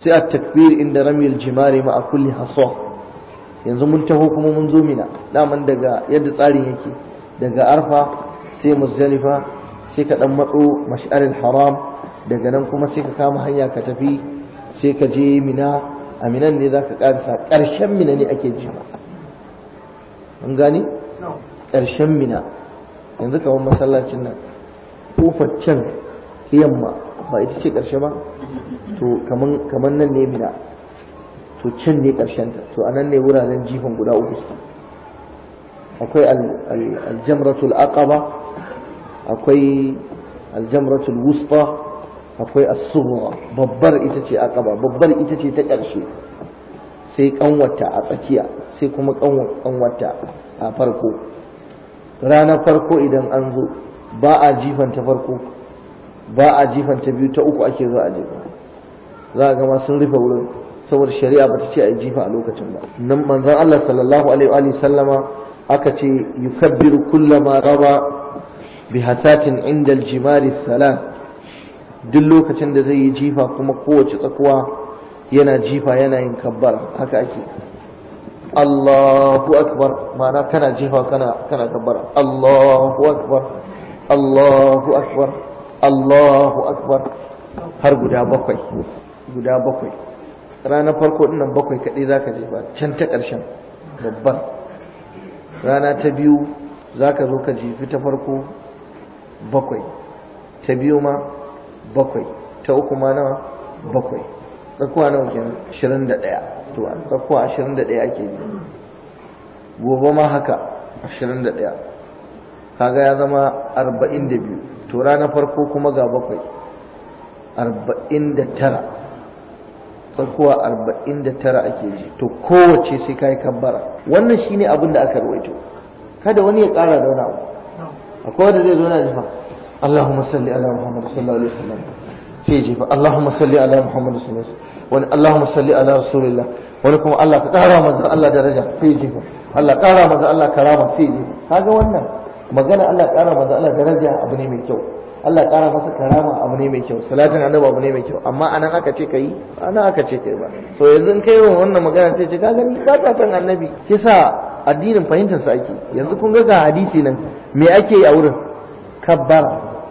sai a takbir inda ramil jimari ma a kulli haso yanzu mun taho kuma mun zo mina daman daga yadda tsarin yake daga arfa sai muzdalifa sai ka dan matso mash'aril haram daga nan kuma sai ka kama hanya ka tafi sai ka je mina a minan ne zaka karsa karshen mina ne ake jima an gane karshen mina yanzu kamar masallacin nan kofar can yamma ba ita ce ƙarshe ba to kaman nan ne mina to can ne ƙarshenta to a nan ne wuraren jifan guda uku su akwai aljamratul aqaba akwai aljamratul wusta akwai as babbar ita ce aqaba babbar ita ce ta ƙarshe sai ƙanwata a tsakiya sai kuma ƙanwata a farko ranar farko idan an zo ba a jifan ta farko ba a jifan ta biyu ta uku ake zuwa a jefa za a gama sun rufe wurin saboda shari'a ba ta ce a jifa a lokacin ba nan manzon Allah sallallahu alaihi wa sallama aka ce yukabbiru kullama raba bi hasatin inda aljimari salat duk lokacin da zai yi jifa kuma kowace tsakuwa yana jifa yana yin kabbar haka ake Allahu akbar ma'ana kana jifa kana kana kabbara Allahu akbar Allahu akbar Allahu akbar har guda bakwai guda bakwai ranar farko dinnan bakwai kadai zaka je jefa can ta karshen. babban rana ta biyu zaka zo ka jefi ta farko bakwai ta biyu ma bakwai ta uku ma nawa bakwai tsakuwa nawa kenan 21 da ɗaya to tsakuwa 21 da ɗaya ake ji gobe ma haka 21 da ɗaya kaga ya zama arba'in da biyu to rana farko kuma ga bakwai arba'in da tara farkowa arba'in da tara ake ji to kowace sai ka yi kabbara wannan shine abin da aka rawaito kada wani ya ƙara da wani abu akwai wanda zai zo na jifa Allahumma salli ala Muhammad sallallahu alaihi wasallam sai jifa Allahumma salli ala Muhammad sallallahu alaihi wasallam wani Allahumma salli ala rasulillah wani kuma Allah ka kara manzo Allah daraja sai jifa Allah ƙara manzo Allah karama sai jifa kaga wannan magana Allah ƙara masa Allah daraja abu ne mai kyau Allah ƙara masa karama abu ne mai kyau salatin annabi abu ne mai kyau amma anan aka ce kai anan aka ce kai ba so yanzu in kai wannan magana sai ce ka gani ba ta san annabi kisa addinin fahimtar sa ake yanzu kun ga ga hadisi nan me ake yi a wurin kabbara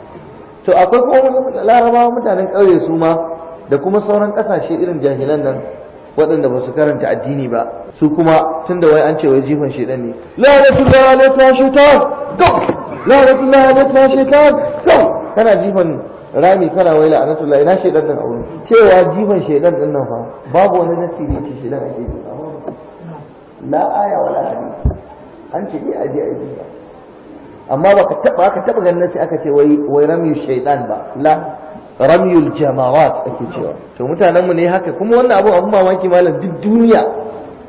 to akwai kuma larabawa mutanen ƙauye su ma da kuma sauran ƙasashe irin jahilan nan waɗanda ba su karanta addini ba su kuma tun da wai an ce wai jifan shaidan ne la'anatullah alaikum shaitan go la'anatullah alaikum shaitan go kana jifan rami kana wai la'anatullah ina shaidan nan aure cewa jifan shaidan din nan fa babu wani nasiri ce shaidan ake jifa la aya wala hadith an ce iya aje aje amma ba taba ka taba ganin sai aka ce wai wai ramyu shaytan ba la ramyul jamawat ake cewa to mutanen mu ne haka kuma wannan abu abun mamaki malam duk duniya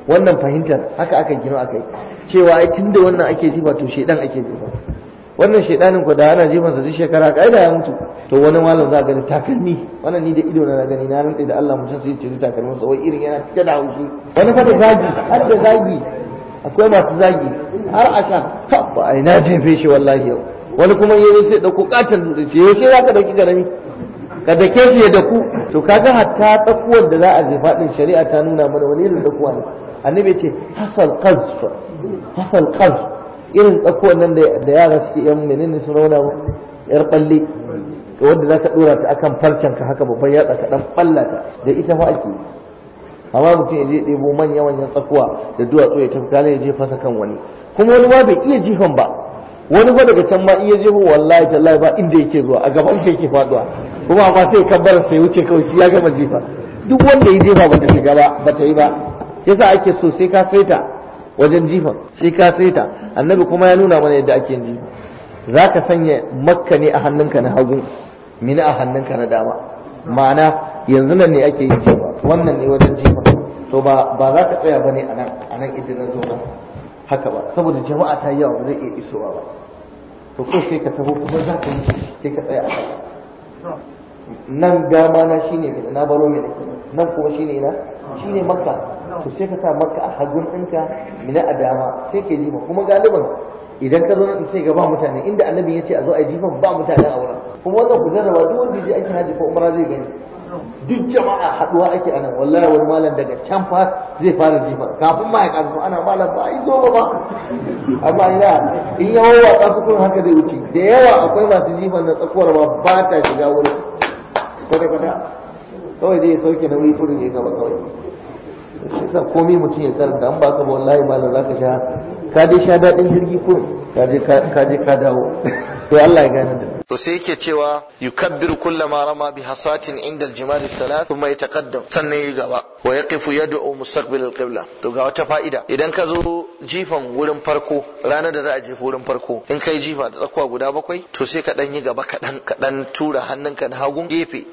wannan fahimtar haka aka gino yi cewa ai tunda wannan ake ji ba to shaytan ake ba. wannan shaydanin ko da ana ji sa duk shekara kai da ya mutu to wani malam za ka ga takalmi wannan ni da ido na gani na rantsi da Allah mutum sai ya ce takalmi sa wai irin yana cike da haushi wani fa da zagi har da zagi akwai masu zagi har a sha kafa a ina jefe shi wallahi yau wani kuma ya yi sai dauko katar ce yaushe za ka dauki garami ka dake shi ya daku to kaga hatta tsakuwar da za a je faɗin shari'a ta nuna mana wani irin tsakuwa ne annabi ce hasal qazf hasal qazf irin tsakuwar nan da yara suke yan menene su rauna yar balle wanda za ka ɗora ta akan farcen ka haka babban yatsa ka ɓalla ta da ita fa ake amma mutum ya je ɗebo manya manyan tsakuwa da duwatsu ya tafi kala ya je fasa kan wani kuma wani ma bai iya jifan ba wani ba daga can ma iya jeho wallahi tallahi ba inda yake zuwa a gaban shi yake faduwa kuma amma sai kabbara sai wuce kawai shi ya gama jifa duk wanda ya jefa bata shiga ba bata yi ba yasa ake so sai ka saita wajen jifan sai ka saita annabi kuma ya nuna mana yadda ake jifa ka sanya makka ne a hannunka na hagu mini a hannunka na dama ma'ana yanzu nan ne ake yin jifa wannan ne wajen jifa to ba ba za ka tsaya bane a nan a nan idan zo ba haka ba saboda jama'a ta yawa ba zai iya isowa ba to ko sai ka taho kuma za ka yi sai ka tsaya a haka nan gama na shine ne na baro mai nake nan kuma shine na shine makka to sai ka sa makka a hagun ɗinka mina a dama sai ke jifa kuma galiban idan ka zo nan sai ga ba mutane inda annabi ya ce a zo a jifan ba mutane a wurin kuma wannan ku jarraba duk wanda ya je aikin haji ko umara zai gani duk jama'a haduwa ake anan wallahi wani malam daga can fa zai fara jifa kafin ma ya karfi ana malam ba ai zo ba ba amma ina in yawo watsa su kun haka zai wuce da yawa akwai masu jifan na tsakuwar ma ba ta shiga wurin kwata kwata kawai zai sauke na wuri furin ya gaba kawai sa komai mutum ya karanta an ba ka ba wallahi malam zaka sha ka dai sha daɗin jirgi kurin ka je ka dawo to Allah ya gane da to sai yake cewa yukabbiru kullama rama bi hasatin inda al salat kuma ya yataqaddam sannan yi gaba wa yaqifu yad'u mustaqbil al-qibla to ga wata fa'ida idan ka zo jifan wurin farko ranar da za a jefa wurin farko in kai jifa da tsakuwa guda bakwai to sai ka dan yi gaba kadan kadan tura hannunka na hagun gefe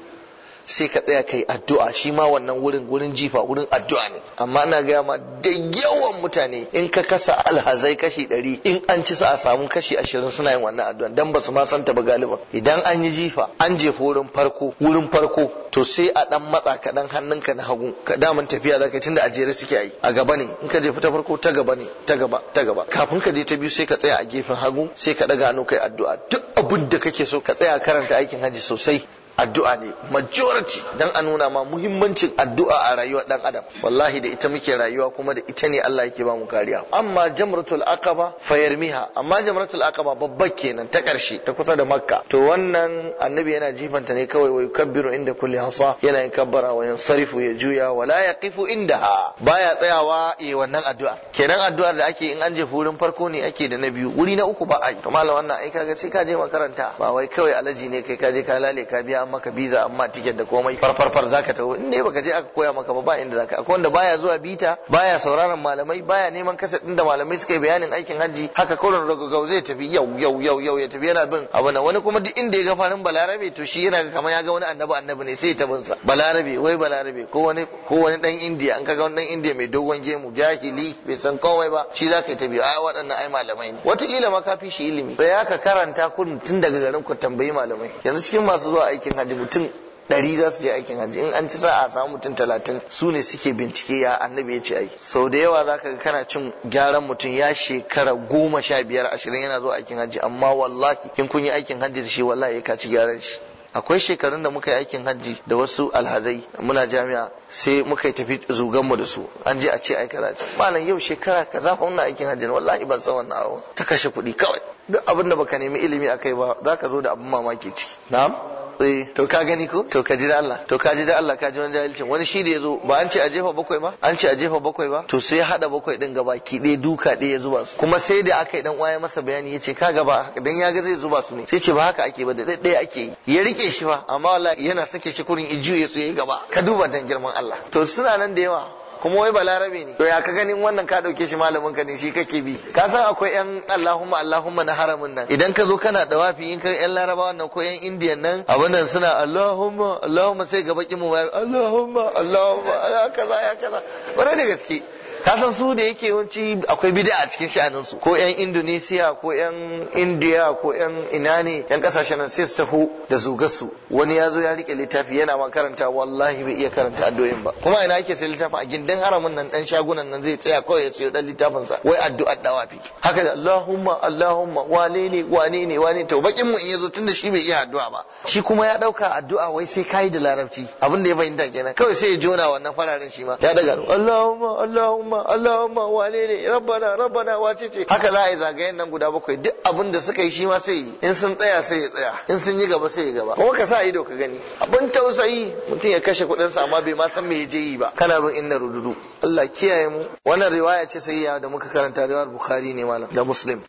sai ka tsaya kai addu'a shi ma wannan wurin wurin jifa wurin addu'a ne amma ana gaya ma da yawan mutane in ka kasa alhazai kashi ɗari in an ci sa a samu kashi ashirin suna yin wannan addu'a dan ba su ma santa ba galiban idan an yi jifa an jefa wurin farko wurin farko to sai a dan matsa kaɗan ka na hagu ka daman tafiya zaka tunda a jere suke yi a gaba ne in ka jefa ta farko ta gaba ne ta gaba ta gaba kafin ka je ta biyu sai ka tsaya a gefen hagu sai ka ɗaga hannu kai addu'a duk abin da kake so ka tsaya karanta aikin hajji sosai addu'a ne majority dan a nuna ma muhimmancin addu'a a rayuwar dan adam wallahi da ita muke rayuwa kuma da ita ne Allah yake ba mu kariya amma jamratul aqaba fayarmiha amma jamratul aqaba babba kenan ta karshe ta kusa da makka to wannan annabi yana jifanta ne kawai wa yukabbiru inda kulli hasa yana yin kabbara wa yansarifu ya juya wala yaqifu indaha baya tsayawa eh wannan addu'a kenan addu'ar da ake in an je wurin farko ne ake da na biyu wuri na uku ba a yi to malam wannan ai kaga sai ka je makaranta ba wai kawai alaji ne kai ka je ka lale ka biya an maka biza amma tiket da komai farfarfar zaka taho in dai baka je aka koya maka ba ba inda zaka akwai wanda baya zuwa bita baya sauraron malamai baya neman kasa din da malamai suka yi bayanin aikin hajji haka kullun ragagau zai tafi yau yau yau yau ya tafi yana bin abu na wani kuma duk inda ya ga farin balarabe to shi yana kamar ya ga wani annabi annabi ne sai ya tabin sa balarabe wai balarabe ko wani ko wani dan indiya an kaga wani dan indiya mai dogon gemu jahili bai san komai ba shi zaka yi tafi ai waɗannan ai malamai ne wataƙila ma ka fi shi ilimi bai ya ka karanta kun tun daga garin ku tambayi malamai yanzu cikin masu zuwa aikin aikin hajji mutum ɗari za su je aikin hajji in an ci sa'a samu mutum talatin su ne suke bincike ya annabi ya ce ai sau da yawa zaka ga kana cin gyaran mutum ya shekara goma sha biyar ashirin yana zuwa aikin hajji amma wallahi in kun yi aikin hajji da shi wallahi ka ci gyaran shi akwai shekarun da muka yi aikin hajji da wasu alhazai muna jami'a sai muka tafi zuganmu da su an je a ce ai karaci malam yau shekara za fa wannan aikin hajji wallahi ban san wannan abu ta kashe kuɗi kawai duk abin baka nemi ilimi akai ba zaka zo da abin mamaki ciki na'am eh to ka gani ko to ka ji da Allah to ka ji da Allah ka ji wani jahilcin wani shi da yazo ba an ce a jefa bakwai ba an ce a jefa bakwai ba to sai hada bakwai din gaba ki dai duka dai ya zuba su kuma sai da aka yi dan uwa masa bayani yace ka gaba dan ya ga zai zuba su ne sai ce ba haka ake ba da ɗaya ake yi ya rike shi ba amma wallahi yana sake shi kurin ijiyo ya so gaba ka duba dan girman Allah to suna nan da yawa kuma wai balarabe ne to ya ka ganin wannan ka dauke shi malamin ka ne shi kake bi ka san akwai yan Allahumma Allahumma na haramun nan idan ka zo kana dawafi in ka yan larabawa nan ko yan indiyan nan abin suna Allahumma Allahumma sai ga bakin mu Allahumma Allahumma ya kaza ya kaza bare da gaske kasan su da yake yawanci akwai bid'a a cikin sha'anin su ko yan Indonesia ko yan Indiya, ko yan ina ne yan kasashen nan sai su taho da zuga su wani ya zo ya rike littafi yana ma karanta wallahi bai iya karanta addu'o'in ba kuma ina yake sai littafin a gindin haramun nan dan shagunan nan zai tsaya kawai ya sayo dan littafin sa wai d'a dawafi haka da Allahumma Allahumma wane ne wane ne wane to bakin mu in yazo tunda shi bai iya addu'a ba shi kuma ya dauka addu'a wai sai kai da larabci abin da ya fahimta kenan kawai sai ya jona wannan fararen shi ma ya daga Allahumma Allahumma Allahumma Allahumma wane ne rabbana rabbana wace ce haka za a yi zagayen nan guda bakwai duk abin da suka yi shi ma sai yi in sun tsaya sai ya tsaya in sun yi gaba sai ya gaba kuma ka sa ido ka gani abin tausayi mutum ya kashe kuɗin sa amma bai ma san me je yi ba kana bin inna rududu Allah kiyaye mu wannan riwaya ce sai ya da muka karanta riwayar Bukhari ne malam da Muslim